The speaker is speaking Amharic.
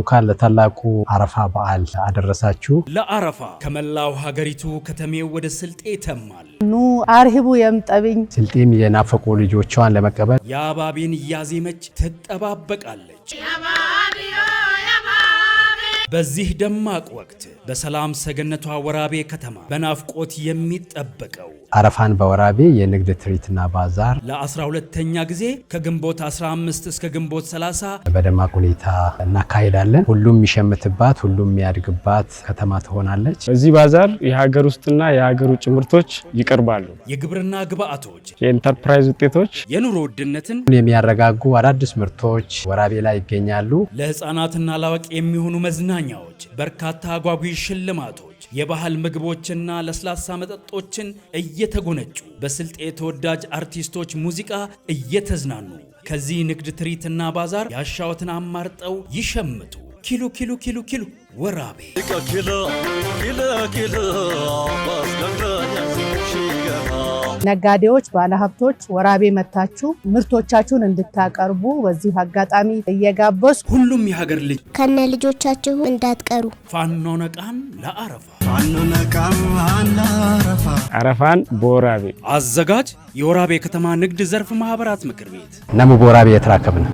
እንኳን ለታላቁ አረፋ በዓል አደረሳችሁ። ለአረፋ ከመላው ሀገሪቱ ከተሜው ወደ ስልጤ ተማል ኑ አርሂቡ የምጠብኝ ስልጤም የናፈቁ ልጆቿን ለመቀበል የአባቤን እያዜመች ትጠባበቃለች። በዚህ ደማቅ ወቅት በሰላም ሰገነቷ ወራቤ ከተማ በናፍቆት የሚጠበቀው አረፋን በወራቤ የንግድ ትርኢትና ባዛር ለ12ተኛ ጊዜ ከግንቦት 15 እስከ ግንቦት 30 በደማቅ ሁኔታ እናካሄዳለን። ሁሉም የሚሸምትባት፣ ሁሉም የሚያድግባት ከተማ ትሆናለች። በዚህ ባዛር የሀገር ውስጥና የሀገር ውጭ ምርቶች ይቀርባሉ። የግብርና ግብአቶች፣ የኢንተርፕራይዝ ውጤቶች፣ የኑሮ ውድነትን የሚያረጋጉ አዳዲስ ምርቶች ወራቤ ላይ ይገኛሉ። ለህፃናትና ላዋቂ የሚሆኑ መዝናኛዎች፣ በርካታ አጓጊ ሽልማቶች የባህል ምግቦችና ለስላሳ መጠጦችን እየተጎነጩ በስልጤ የተወዳጅ አርቲስቶች ሙዚቃ እየተዝናኑ ከዚህ ንግድ ትርኢትና ባዛር ያሻዎትን አማርጠው ይሸምቱ። ኪሉ ኪሉ ኪሉ ኪሉ ወራቤ ነጋዴዎች፣ ባለሀብቶች ወራቤ መታችሁ ምርቶቻችሁን እንድታቀርቡ በዚሁ አጋጣሚ እየጋበዝ ሁሉም የሀገር ልጅ ከነ ልጆቻችሁ እንዳትቀሩ ፋኖ ነቃን ለአረፋ ፋኖ ነቃን ለአረፋ አረፋን በወራቤ አዘጋጅ የወራቤ ከተማ ንግድ ዘርፍ ማህበራት ምክር ቤት ነሙ በወራቤ የተራከብነ